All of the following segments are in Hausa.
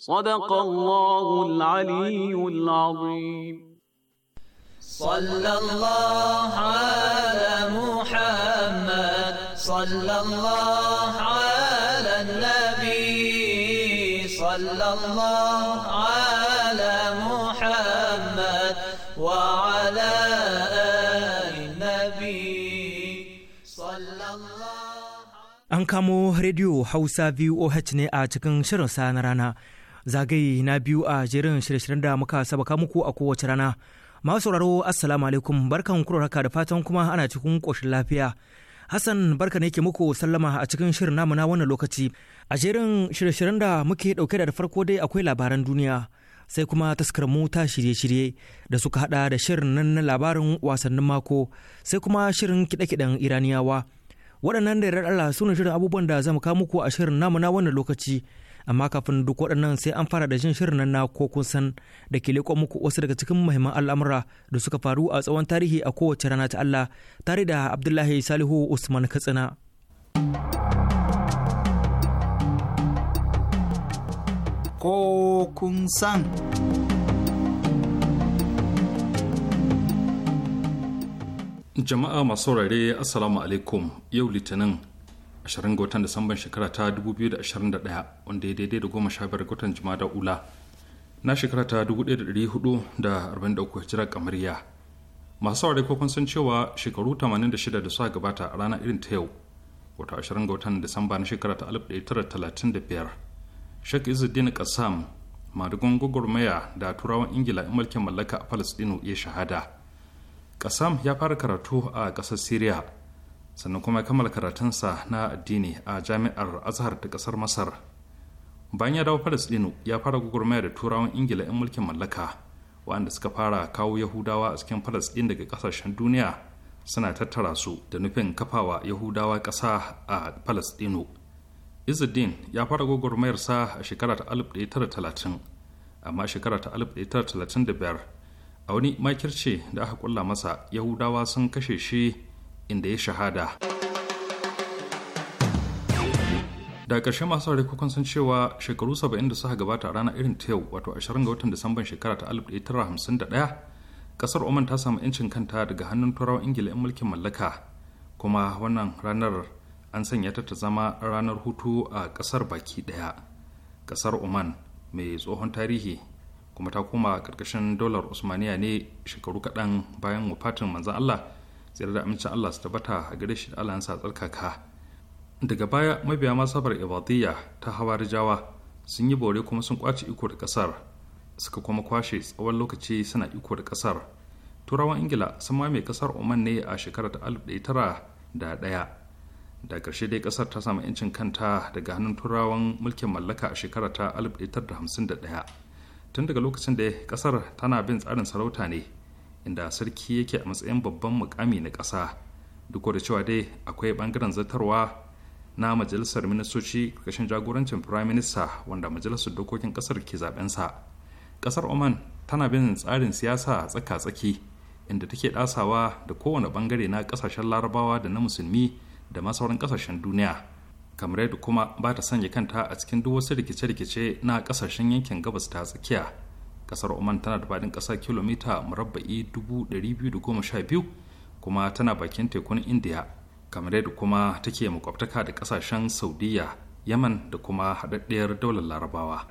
صدق الله العلي العظيم صلى الله على محمد صلى الله على النبي صلى الله على محمد وعلى آل النبي صلى الله An kamo rediyo Hausa VOH ne a cikin shirin sa na rana zagaye na biyu a jerin shirye-shiryen da muka sabaka muku a kowace rana. Masu sauraro Assalamu alaikum barkan kurar haka da fatan kuma ana cikin ƙoshin lafiya. Hassan barka ne ke muku sallama a cikin shirin namu na wannan lokaci. A jerin shirye-shiryen da muke dauke da farko dai akwai labaran duniya sai kuma taskar mu ta shirye-shirye da suka hada da shirin nan na labarin wasannin mako sai kuma shirin kiɗe-kiɗen Iraniyawa. Waɗannan da Allah su shirin abubuwan da zamu kawo muku a shirin namu na wannan lokaci. amma kafin duk waɗannan sai an fara da jin shirin nan na ko kun san da ke leƙo muku wasu daga cikin muhimman al'amura da suka faru a tsawon tarihi a kowace rana ta Allah tare da Abdullahi Salihu Usman Katsina. Ko kun san. Jama'a masu rare, Assalamu alaikum yau Litinin 20 ga watan Disamban shekara ta 2021 wanda ya daidai da goma sha biyar watan Jumada Ula na shekara ta 1443 jirar kamariya. Masu saurari ko san cewa shekaru 86 da suka gabata a ranar irin ta yau, wata 20 ga watan Disamba na shekara ta 1935. shek Izzuddin kassam madugun gwagwarmaya da turawan Ingila in mulkin mallaka a Falasɗinu ya shahada. kassam ya fara karatu a ƙasar Siriya sannan kuma ya kammala karatunsa na addini a jami'ar azhar ta kasar masar bayan ya dawo dinu ya fara gwagwarmaya da turawan ingila 'yan mulkin mallaka waɗanda suka fara kawo yahudawa a cikin palestine daga ƙasashen duniya suna tattara su da nufin kafawa yahudawa ƙasa a dinu izuddin ya fara sa a shekara ta 1930 amma shekara ta 1935 a wani makirce da aka kulla masa yahudawa sun kashe shi inda ya shahada da ƙarshe masu saurari kukan san cewa shekaru saba'in da suka gabata a ranar irin ta yau wato 20 ga watan disamban shekara ta 1951 ƙasar oman ta samu 'yancin kanta daga hannun turawan ingila 'yan mulkin mallaka kuma wannan ranar an sanya ta ta zama ranar hutu a ƙasar baki ɗaya ƙasar oman mai tsohon tarihi kuma ta koma ƙarƙashin dolar usmaniya ne shekaru kaɗan bayan wafatin manzan allah tsira da amincin Allah su tabbata a gare shi da Allah sa tsarkaka daga baya mabiya masabar ibadiyya ta hawarijawa sun yi bore kuma sun kwace iko da kasar suka kuma kwashe tsawon lokaci suna iko da kasar turawan ingila sun mame kasar oman ne a shekarar ta daya da karshe dai kasar ta samu 'yancin kanta daga hannun turawan mulkin mallaka a shekarar ta 1951 tun daga lokacin da kasar tana bin tsarin sarauta ne inda sarki yake a matsayin babban mukami na ƙasa duk da cewa dai akwai bangaren zartarwa na majalisar ministoci ƙarshen jagorancin prime minister wanda majalisar dokokin ƙasar ke zaɓensa ƙasar oman tana bin tsarin siyasa tsaka-tsaki inda take ɗasawa da kowane bangare na kasashen larabawa da na musulmi da ma sauran ƙasashen duniya kamar yadda kuma ba ta sanya kanta a cikin duk wasu rikice-rikice na ƙasashen yankin gabas ta tsakiya kasar oman tana da faɗin ƙasa kilomita murabba'i 212 kuma tana bakin tekun indiya kamar yadda kuma take makwabtaka da ƙasashen saudiya yaman da kuma haɗaɗɗiyar daular larabawa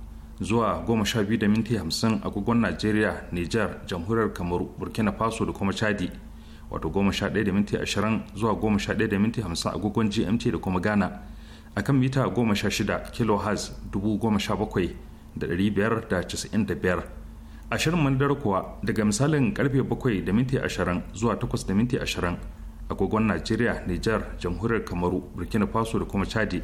zuwa goma sha biyu da minti agogon najeriya nijar jamhuriyar kamaru burkina faso da kuma chadi wato goma sha ɗaya da minti ashirin zuwa goma sha ɗaya agogon gmt da kuma ghana akan mita goma sha shida kilohertz dubu goma sha bakwai da da da biyar ashirin mandar kuwa daga misalin karfe bakwai da minti ashirin zuwa takwas da minti ashirin agogon najeriya nijar jamhuriyar kamaru burkina faso da kuma chadi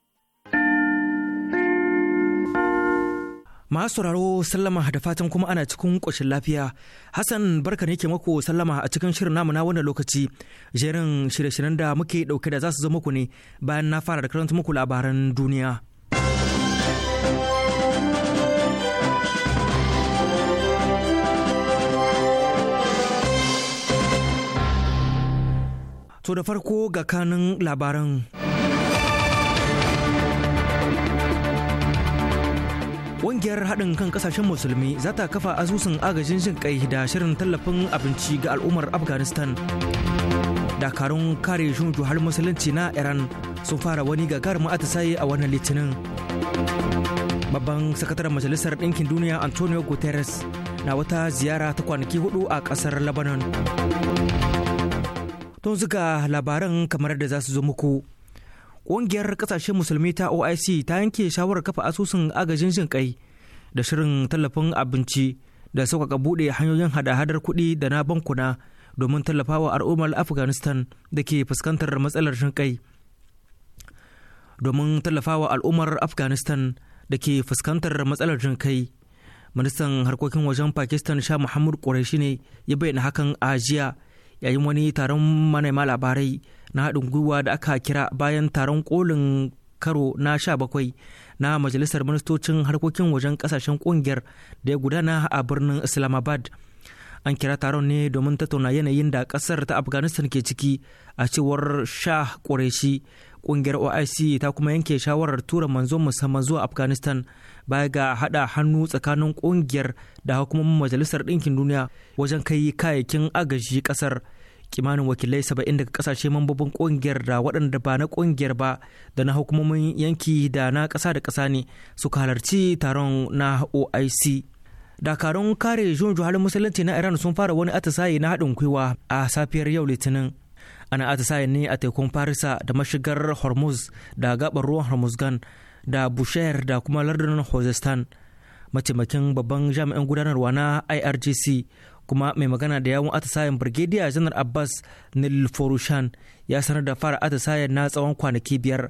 Masu sauraro sallama da fatan kuma ana cikin ƙoshin lafiya. Hassan barka ne ke mako sallama a cikin shirin namu na wannan lokaci. Jerin shirye-shiryen da muke ɗauke da za su zo muku ne bayan na fara da karanta muku labaran duniya. To da farko ga kanin labaran. kungiyar haɗin kan ƙasashen musulmi za ta kafa asusun agajin jin kai da shirin tallafin abinci ga al'ummar Afghanistan. Dakarun kare shunju har musulunci na Iran sun fara wani gagarumin atisaye a wannan litinin. Babban sakataren Majalisar Ɗinkin Duniya Antonio Guterres na wata ziyara ta kwanaki hudu a ƙasar Lebanon. Tun zuga labaran kamar da za su zo muku. ƙungiyar ƙasashen musulmi ta oic ta yanke shawarar kafa asusun agajin jin kai da shirin tallafin abinci da sauƙaƙa buɗe hanyoyin hada-hadar kuɗi da na bankuna domin tallafawa al'ummar afghanistan da ke fuskantar matsalar shinkai domin tallafawa al'ummar afghanistan da ke fuskantar matsalar ministan harkokin wajen pakistan sha muhammad qureshi ne ya bayyana hakan a jiya yayin wani taron manema labarai na haɗin gwiwa da aka kira bayan taron kolin karo na 17 na majalisar ministocin harkokin wajen kasashen kungiyar da ya gudana a birnin islamabad an kira taron ne domin tattauna yanayin da kasar ta afghanistan ke ciki a cewar shah qureshi kungiyar oic ta kuma yanke shawarar tura manzo musamman zuwa afghanistan baya ga hada hannu tsakanin kungiyar da hukumomin majalisar ɗinkin duniya wajen kai kayayyakin agaji kasar kimanin wakilai saba'in daga kasashe mambobin kungiyar da waɗanda ba na kungiyar ba da na hukumomin yanki da na ƙasa da ƙasa ne suka halarci taron na oic dakarun kare jun halin musulunci na iran sun fara wani atisaye na haɗin gwiwa a safiyar yau litinin ana atisaye ne a tekun farisa da mashigar hormuz da gabar ruwan hormuzgan da bushayar da kuma lardunan hozestan mataimakin babban jami'in gudanarwa na irgc kuma mai magana da yawun atisayen brigadier janar abbas nilforushan ya sanar da fara atisayen na tsawon kwanaki biyar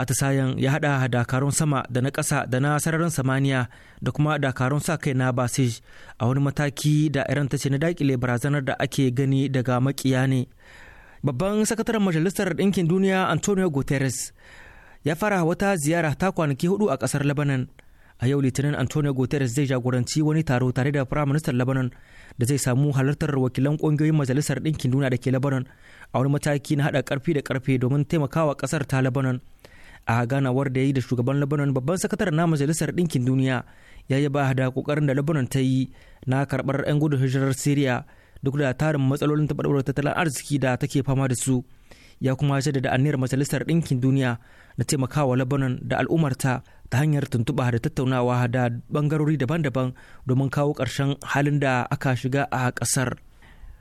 atisayen ya hada dakarun sama da na kasa da na sararin samaniya da kuma dakarun sa kai na basij a wani mataki da iran ta ce na dakile barazanar da ake gani daga makiya ne babban sakataren majalisar ɗinkin duniya antonio guterres ya fara wata ziyara ta kwanaki hudu a ƙasar lebanon a yau litinin antonio guterres zai jagoranci wani taro tare da firaministan minister lebanon da zai samu halartar wakilan kungiyoyin majalisar ɗinkin duniya da ke lebanon a wani mataki na haɗa ƙarfi da karfe domin taimakawa kasar ta lebanon a ganawar da ya yi da shugaban lebanon babban sakatar na majalisar ɗinkin duniya ya yi ba da kokarin da lebanon ta yi na karɓar 'yan gudun hijirar syria duk da tarin matsalolin taɓarɓarar tattalin arziki da take fama da su ya kuma jaddada aniyar majalisar ɗinkin duniya na taimakawa lebanon da al'ummarta ta hanyar tuntuɓa da tattaunawa da bangarori daban-daban domin kawo ƙarshen halin da aka shiga a ƙasar.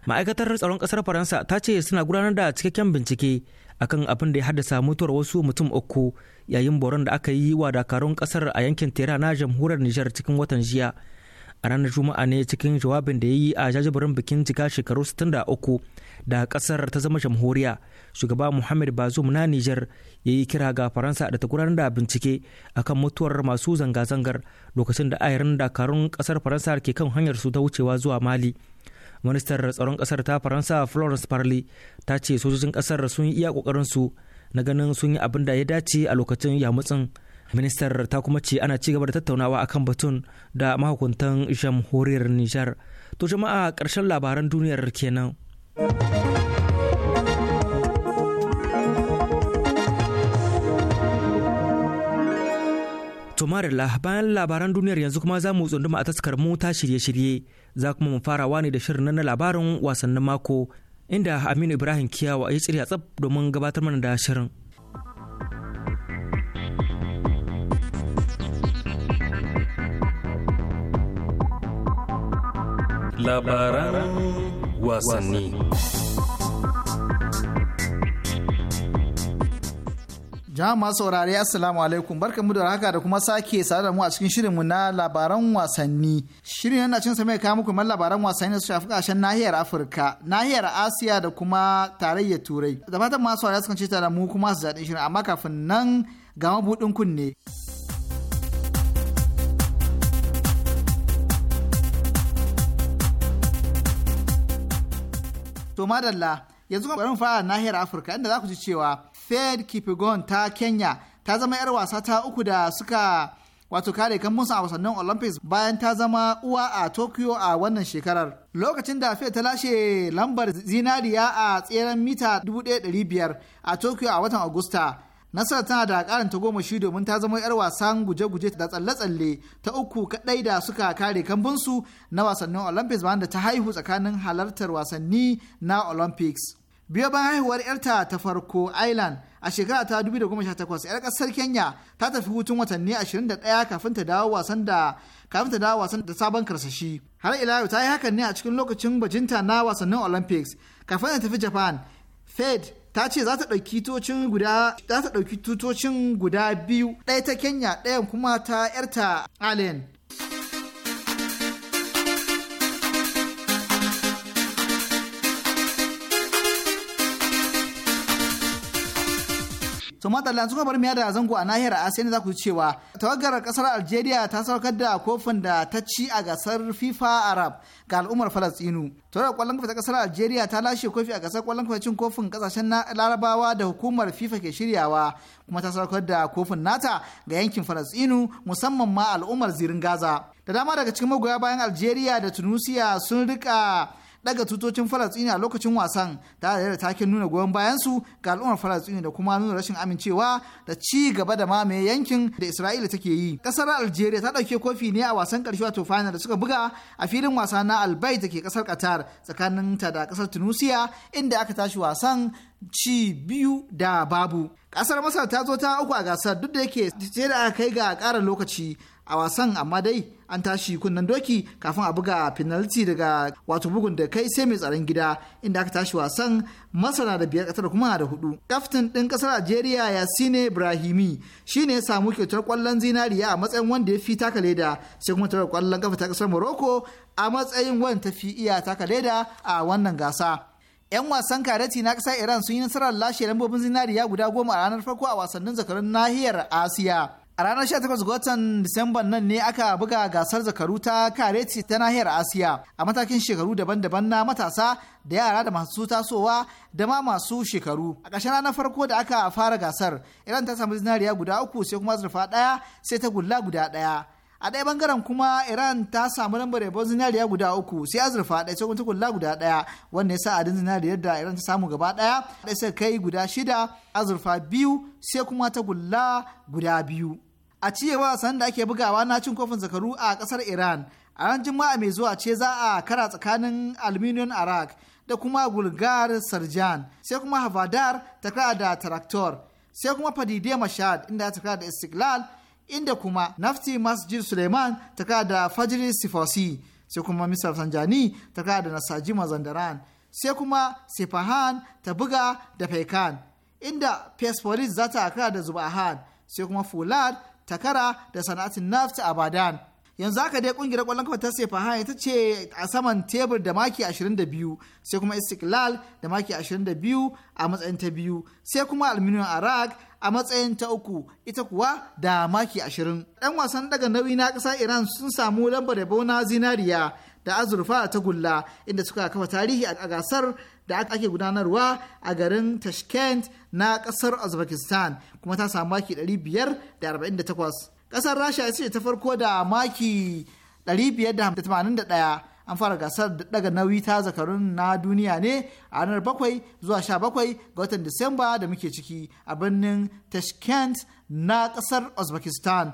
Ma'aikatar tsaron ƙasar Faransa ta ce suna gudanar da cikakken bincike akan abin da ya haddasa mutuwar wasu mutum uku yayin boron da aka yi wa dakarun ƙasar a yankin Tera na jamhuriyar Nijar cikin watan jiya. A ranar Juma'a ne cikin jawabin da ya yi a jajibirin bikin cika shekaru 63 da kasar ta zama jamhuriya shugaba muhammad bazoum na niger ya yi kira ga faransa da ta gudanar da bincike akan mutuwar masu zanga-zangar lokacin da ayarin dakarun kasar faransa ke kan hanyar su ta wucewa zuwa mali ministar tsaron kasar ta faransa florence parly ta ce sojojin kasar sun yi iya kokarin su na ganin sun yi abin da ya dace a lokacin yamutsin ministar ta kuma ce ana ci gaba da tattaunawa akan batun da mahukuntan jamhuriyar nijar to jama'a karshen labaran duniyar kenan Tumarilla bayan labaran duniyar yanzu kuma za mu tsunduma a taskar mota shirye-shirye za kuma mu farawa ne da shirin na labarin wasannin mako inda Aminu Ibrahim Kiyawa ya tsirya tsab domin gabatar mana da shirin. labaran wasanni. jama'a saurari assalamu alaikum barkamu da haka da kuma sake sada da mu a cikin shirinmu na labaran wasanni shirin yana cin sa mai kawo muku man labaran wasanni su shafi kashen nahiyar afirka nahiyar asiya da kuma tarayyar turai da fatan masu saurari sukan ce tare mu kuma su daɗin shirin amma kafin nan ga mabuɗin kunne. To madalla yanzu kuma bari fara nahiyar Afirka inda za ku ji cewa Fed Kipigon ta Kenya ta zama 'yar wasa ta uku da suka wato kare kan musu a wasannin Olympics bayan ta zama uwa a Tokyo a wannan shekarar. Lokacin da Fed ta lashe lambar zinariya a tseren mita 1500 a Tokyo a watan Agusta. nasarar tana da karanta goma shi domin ta zama 'yar wasan guje-guje da tsalle-tsalle ta uku kadai da suka kare kambunsu na wasannin olympics bayan da ta haihu tsakanin halartar wasanni na olympics biyo bayan haihuwar 'yarta ta farko island a shekara ta 2018 'yar kasar kenya ta tafi hutun watanni 21 kafin ta dawo wasan da kafin ta dawo wasan da sabon karsashi har ila ta yi hakan ne a cikin lokacin bajinta na wasannin olympics kafin ta tafi japan fed ta ce za ta ɗauki tutocin guda za ta ɗauki tutocin guda biyu ɗaya ta kenya ɗayan kuma ta yarta allen to matsalan suka bar miya da zango a nahiyar asiya ne za ku ji cewa tawagar kasar algeria ta saukar da kofin da ta ci a gasar fifa arab ga al'ummar falastinu da kwallon kofi ta kasar algeria ta lashe kofi a gasar kwallon kafa cin kofin kasashen larabawa da hukumar fifa ke shiryawa kuma ta saukar da kofin nata ga yankin falastinu musamman ma al'ummar zirin gaza da dama daga cikin magoya bayan algeria da tunisia sun rika daga tutocin falastini a lokacin wasan tare da taken nuna goyon bayansu ga al'ummar falastini da kuma nuna rashin amincewa da ci gaba da mamaye yankin da isra'ila take yi kasar algeria ta dauke kofi ne a wasan karshe wato final da suka buga a filin wasa na albai da ke kasar qatar tsakanin ta da kasar tunisia inda aka tashi wasan ci biyu da babu kasar masar ta zo ta uku a gasar duk da yake sai da aka kai ga karar lokaci a wasan amma dai an tashi kunnen doki kafin a buga finalti daga wato bugun da kai sai mai tsaron gida inda aka tashi wasan masana da biyar kasar kuma da hudu kaftin din kasar algeria yasine ibrahimi shine ya samu kyautar kwallon zinariya a matsayin wanda ya fi taka leda sai kuma tarar kwallon kafa ta kasar morocco a matsayin wata ta fi iya taka leda a wannan gasa 'yan wasan kareti na ƙasar iran sun yi nasarar lashe lambobin zinariya guda goma a ranar farko a wasannin zakarun nahiyar asiya A ranar 18 ga watan Disamban nan ne aka buga gasar zakaru ta kareti ta nahiyar Asiya a matakin shekaru daban-daban na matasa da yara da masu tasowa da ma masu shekaru. A ƙarshen ranar farko da aka fara gasar, Iran ta samu zinariya guda uku sai kuma zurfa ɗaya sai ta gulla guda ɗaya. A ɗaya bangaren kuma Iran ta samu lambar yabon zinariya guda uku sai azurfa ɗaya sai kuma ta gulla guda ɗaya wanda ya sa adin zinariyar da Iran ta samu gaba ɗaya ɗaya sai kai guda shida azurfa biyu sai kuma ta gulla guda biyu. a cewa san da ake bugawa na cin kofin zakaru a kasar iran a ran juma'a mai zuwa ce za a kara tsakanin aluminium arak da kuma gulgar sarjan sai kuma havadar ta kara da taraktor sai kuma fadidiyar mashad inda ta kara da istiklal inda kuma nafti masjid suleiman ta kara da fajiri sifosi sai kuma misar sanjani ta kara da nasaji mazandaran sai kuma sifahan ta buga da faikan inda persepolis za ta kara da zubahan sai kuma fulad takara da sana'atin naft a badan yanzu haka dai kungiyar kwallon kafa ta sefa haya ta ce a saman tebur da maki 22 sai kuma istiklal da maki 22 a matsayin ta biyu sai kuma aluminium arak a matsayin ta uku ita kuwa da maki 20 'yan wasan daga nauyi na ƙasa iran sun samu lambar yabo na zinariya da azurfa ta tagulla inda suka kafa tarihi a gasar da ake gudanarwa a garin tashkent na kasar uzbekistan kuma ta samu maki 548 kasar rasha ita ce ta farko da maki 581 an fara gasar daga nauyi ta zakarun na duniya ne a ranar 7 zuwa 17 ga watan disamba da muke ciki a birnin tashkent na kasar uzbekistan.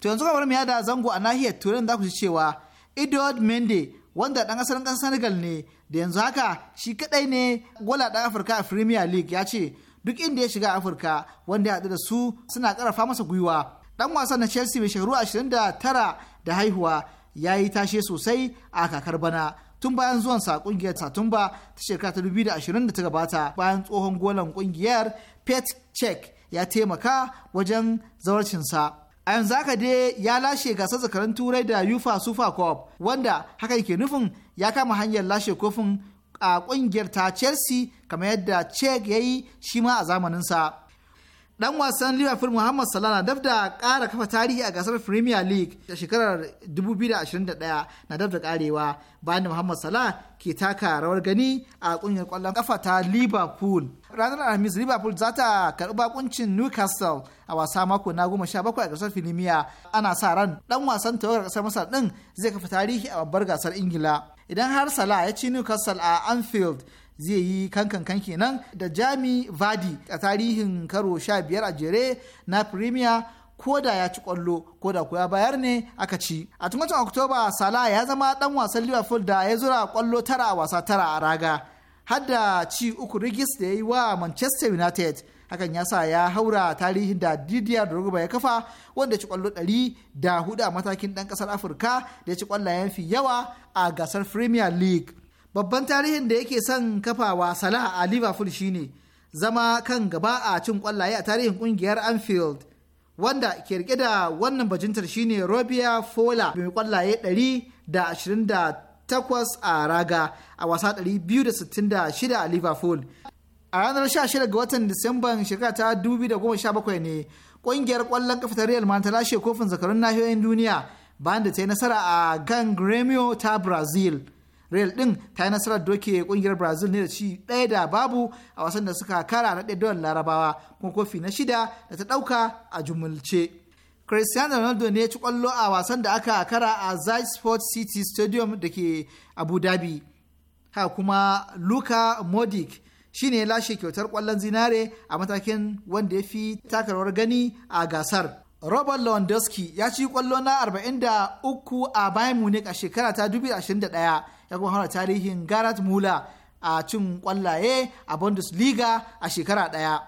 to yanzu kamar ya da zango a nahiyar turai za ku ji cewa Edward Mende wanda dan asalin kan Senegal ne da yanzu haka shi kadai ne gola dan Afirka a Premier League ya ce duk inda ya shiga Afirka wanda ya haɗu da su suna karafa masa gwiwa. dan wasan na Chelsea mai shekaru 29 da haihuwa ya yi tashe sosai a kakar bana. Tun bayan zuwan sa kungiyar Satumba ta shekara ta 2020 da ta gabata bayan tsohon golan kungiyar Pet Check ya taimaka wajen zawarcinsa. a yanzu haka dai ya lashe gasar zakarun turai da yufa super cup wanda haka ke nufin ya kama hanyar lashe kofin a kungiyar ta chelsea kamar yadda chek ya yi shi ma a zamaninsa dan wasan liverpool muhammad salah na daf da ƙara kafa tarihi a gasar premier league a shekarar 2021 na daf da karewa bayan da muhammad salah ke taka rawar gani a ƙungiyar ƙwallon kafa ta liverpool ranar alhamis liverpool za ta karbi bakuncin newcastle a wasa mako na goma sha bakwai a gasar premier ana sa ran dan wasan tawagar kasar masar ɗin zai kafa tarihi a babbar gasar ingila idan har salah ya ci newcastle a anfield zai yi kankan kan kenan da jami vadi a tarihin karo sha biyar a jere na premier ko ya ci kwallo ko da kuwa bayar ne aka ci a tun oktoba sala ya zama dan wasan liverpool da ya zura kwallo tara a wasa tara a raga har da ci uku rigis da ya yi wa manchester united hakan ya sa ya haura tarihin da didier drogba ya kafa wanda ci kwallo ɗari da hudu a matakin dan kasar afirka da ya ci kwallayen fi yawa a gasar premier league babban tarihin da yake son kafawa sala a liverpool shine zama kan gaba a cin kwallaye a tarihin kungiyar anfield wanda ke rike da wannan bajintar shine robia fola mai kwallaye 128 a raga a wasa 266 a liverpool a ranar 16 ga watan disamban shekara ta 2017 ne kungiyar kwallon kafa ta real ma ta lashe kofin zakarun nahiyoyin duniya bayan da ta yi nasara a gan gremio ta brazil real din ta yi nasarar doke kungiyar brazil ne da ci ɗaya da babu a wasan da suka kara na ɗaya dawar larabawa kuma kofi na shida da ta ɗauka a jumulce cristiano ronaldo ne ya ci kwallo a wasan da aka kara a zai sport city stadium da ke abu dhabi ha kuma luka modic shi ne lashe kyautar kwallon zinare a matakin wanda ya fi takarwar gani a gasar Robert Lewandowski ya ci kwallo na 43 a Bayern Munich a shekara ta 2021 ya kuma hana tarihin Gareth Muller a cin kwallaye a Bundesliga a shekara daya.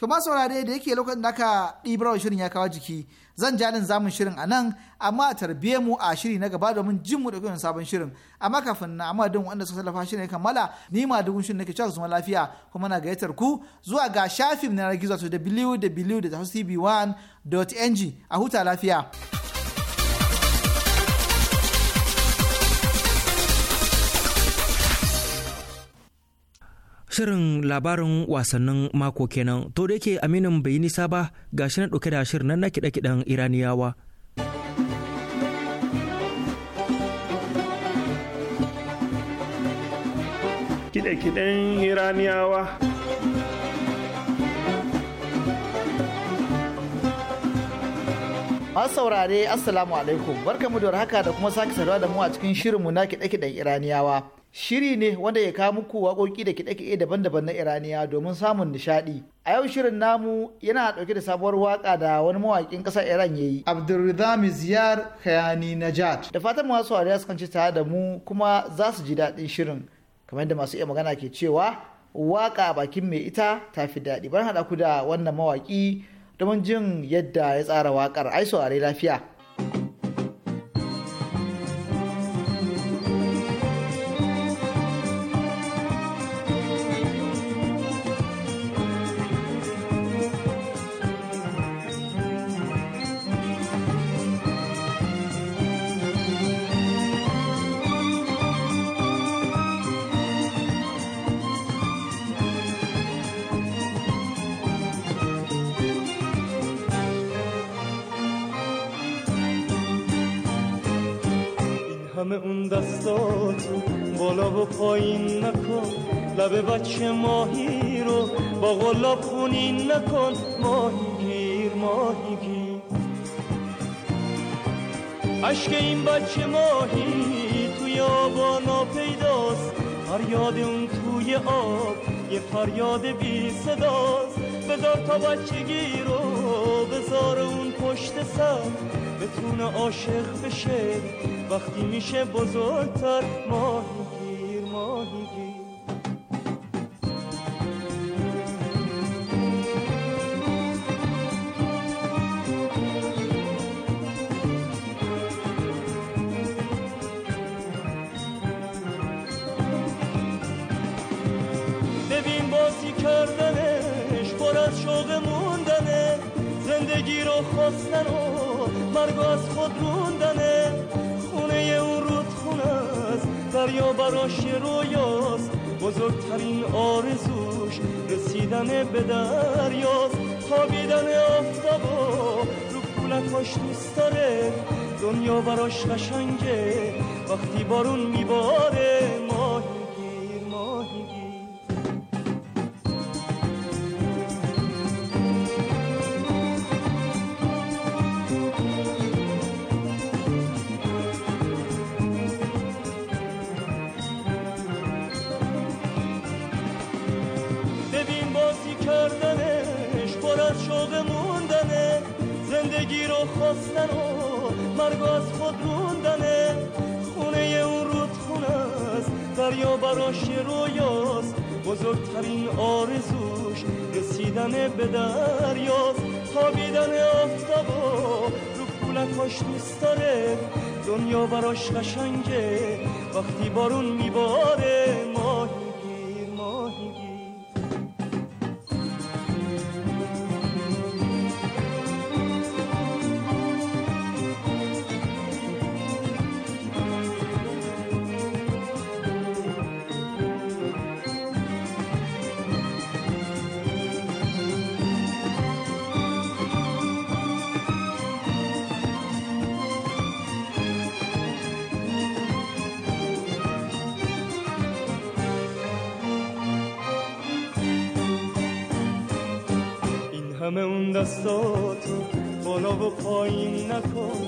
To ma saurare da yake lokacin da aka ɗibar shirin ya kawo jiki zan ja nan zamun shirin a nan amma a tarbiye mu a shiri na gaba domin jin mu da kuma sabon shirin amma kafin na amma din wanda suka tallafa shirin kammala ni ma dugun shirin nake cewa zuma lafiya kuma na gayyatar ku zuwa ga shafin na gizo to www.tv1.ng a huta lafiya. shirin labarin wasannin mako kenan to da yake aminin bai yi nisa ba ga shi na ɗauke da shirin nan na kiɗe-kiɗen iraniyawa kiɗe-kiɗen iraniyawa masu saurare assalamu alaikum barkamu da haka da kuma sake saduwa da mu a cikin shirinmu na kiɗe-kiɗen iraniyawa shiri ne wanda ya kawo muku waƙoƙi da kiɗe-kiɗe daban-daban na iraniya domin samun nishaɗi a yau shirin namu yana ɗauke da sabuwar waka da wani mawaƙin ƙasar iran ya yi abdulrizami ziyar kayani najat da fatan masu saurare su ci tare da mu kuma za su ji daɗin shirin kamar yadda masu iya magana ke cewa waƙa bakin mai ita tafi daɗi bar haɗa ku da wannan mawaki. domin jin yadda ya tsara waƙar ai a lafiya دستاتو بالا و پایین نکن لب بچه ماهی رو با غلا خونین نکن ماهی گیر ماهی گیر عشق این بچه ماهی توی آبا ناپیداست فریاد اون توی آب یه فریاد بی صداست بذار تا بچگی رو بذار پشت سر بتونه عاشق بشه وقتی میشه بزرگتر ماهی گیر ماهی براش رویاست بزرگترین آرزوش رسیدن به دریاست خوابیدن آفتابا رو پولکاش دوست داره دنیا براش قشنگه وقتی بارون میباره خواستن و مرگ از خود روندنه خونه اون رود خونه است دریا براش رویاست بزرگترین آرزوش رسیدن به دریاست خوابیدن بیدن رو پولکاش دوست داره دنیا براش قشنگه وقتی بارون میباره من اون دستاتو بالا و پایین نکن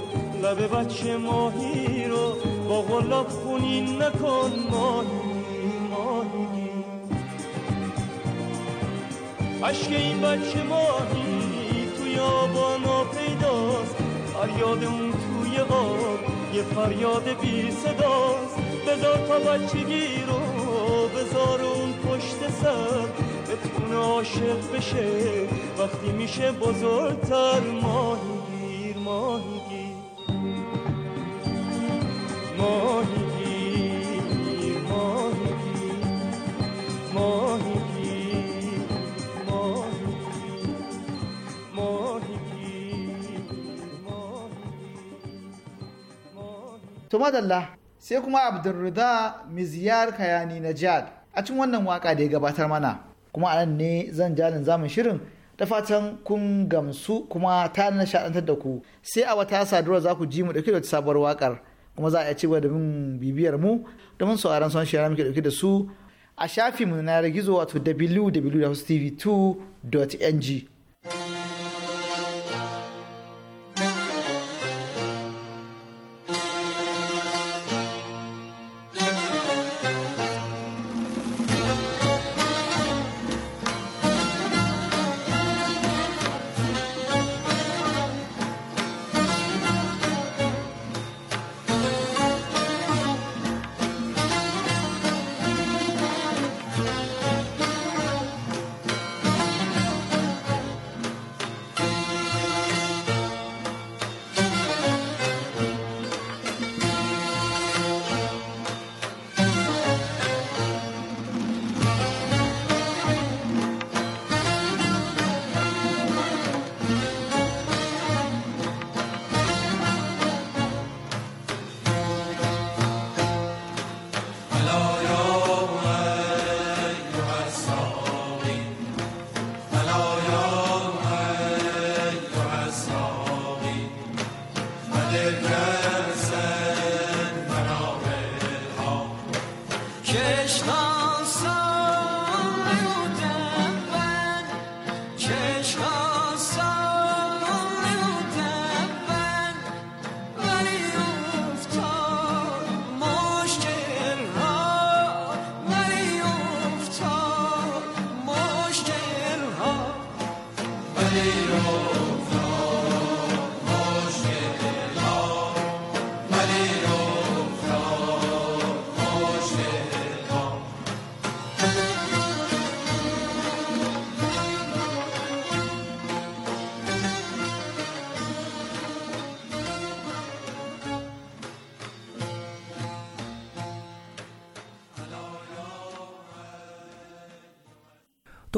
لب بچه ماهی رو با غلاب خونین نکن ماهی ماهی عشق این بچه ماهی توی آبا پیداست فریاد اون توی آب یه فریاد بی صداست بذار تا بچگی رو بذار اون پشت سر دیوونه عاشق بشه وقتی میشه بزرگتر ماهی گیر ماهی گیر ماهی گیر ماهی گیر ماهی گیر ماهی گیر ماهی گیر ماهی تو مدالله sai kuma abdulrida miziyar kayani najad a cikin wannan waka da ya gabatar mana kuma a nan ne zan jalin zamun shirin da fatan kun gamsu kuma ta nishaɗantar da ku sai a wata sadura za ku ji mu dauke da sabuwar wakar. kuma za a iya cewa mun bibiyar mu domin sauraron son shi muke dauke da su a shafinmu na gizo wato www.tv2.ng.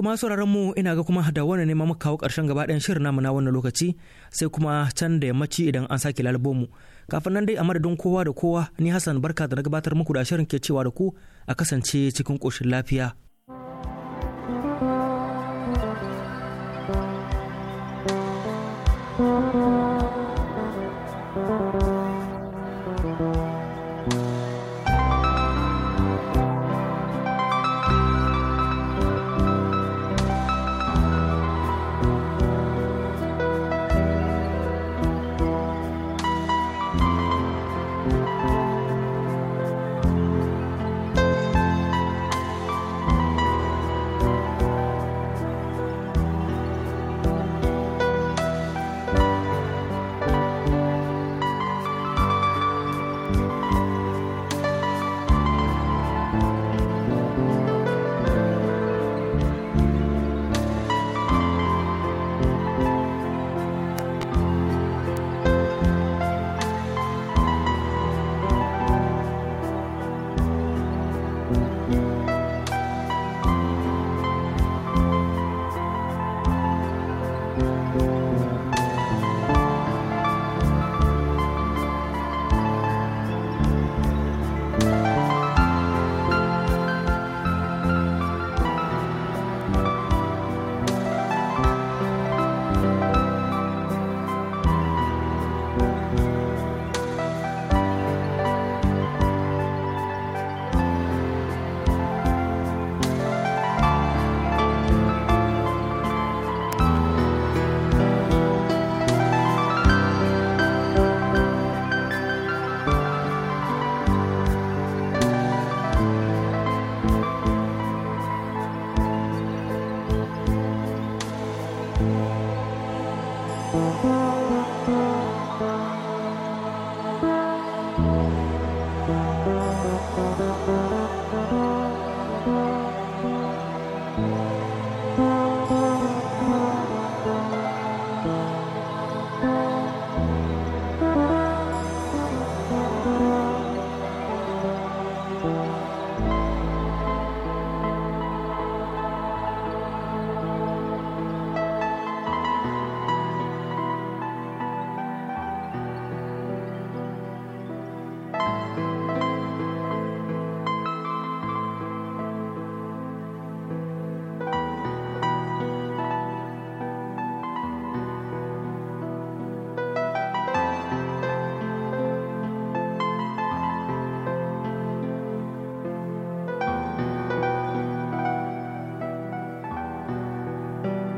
ma sauraron mu ina ga kuma da wannan ne muka kawo ƙarshen gaba ɗayan shirin namu na wannan lokaci sai kuma can da yammaci idan an sake lalubo mu. Kafin nan dai a madadin kowa da kowa ni Hassan barka da na gabatar muku da shirin ke cewa da ku a kasance cikin ƙoshin lafiya.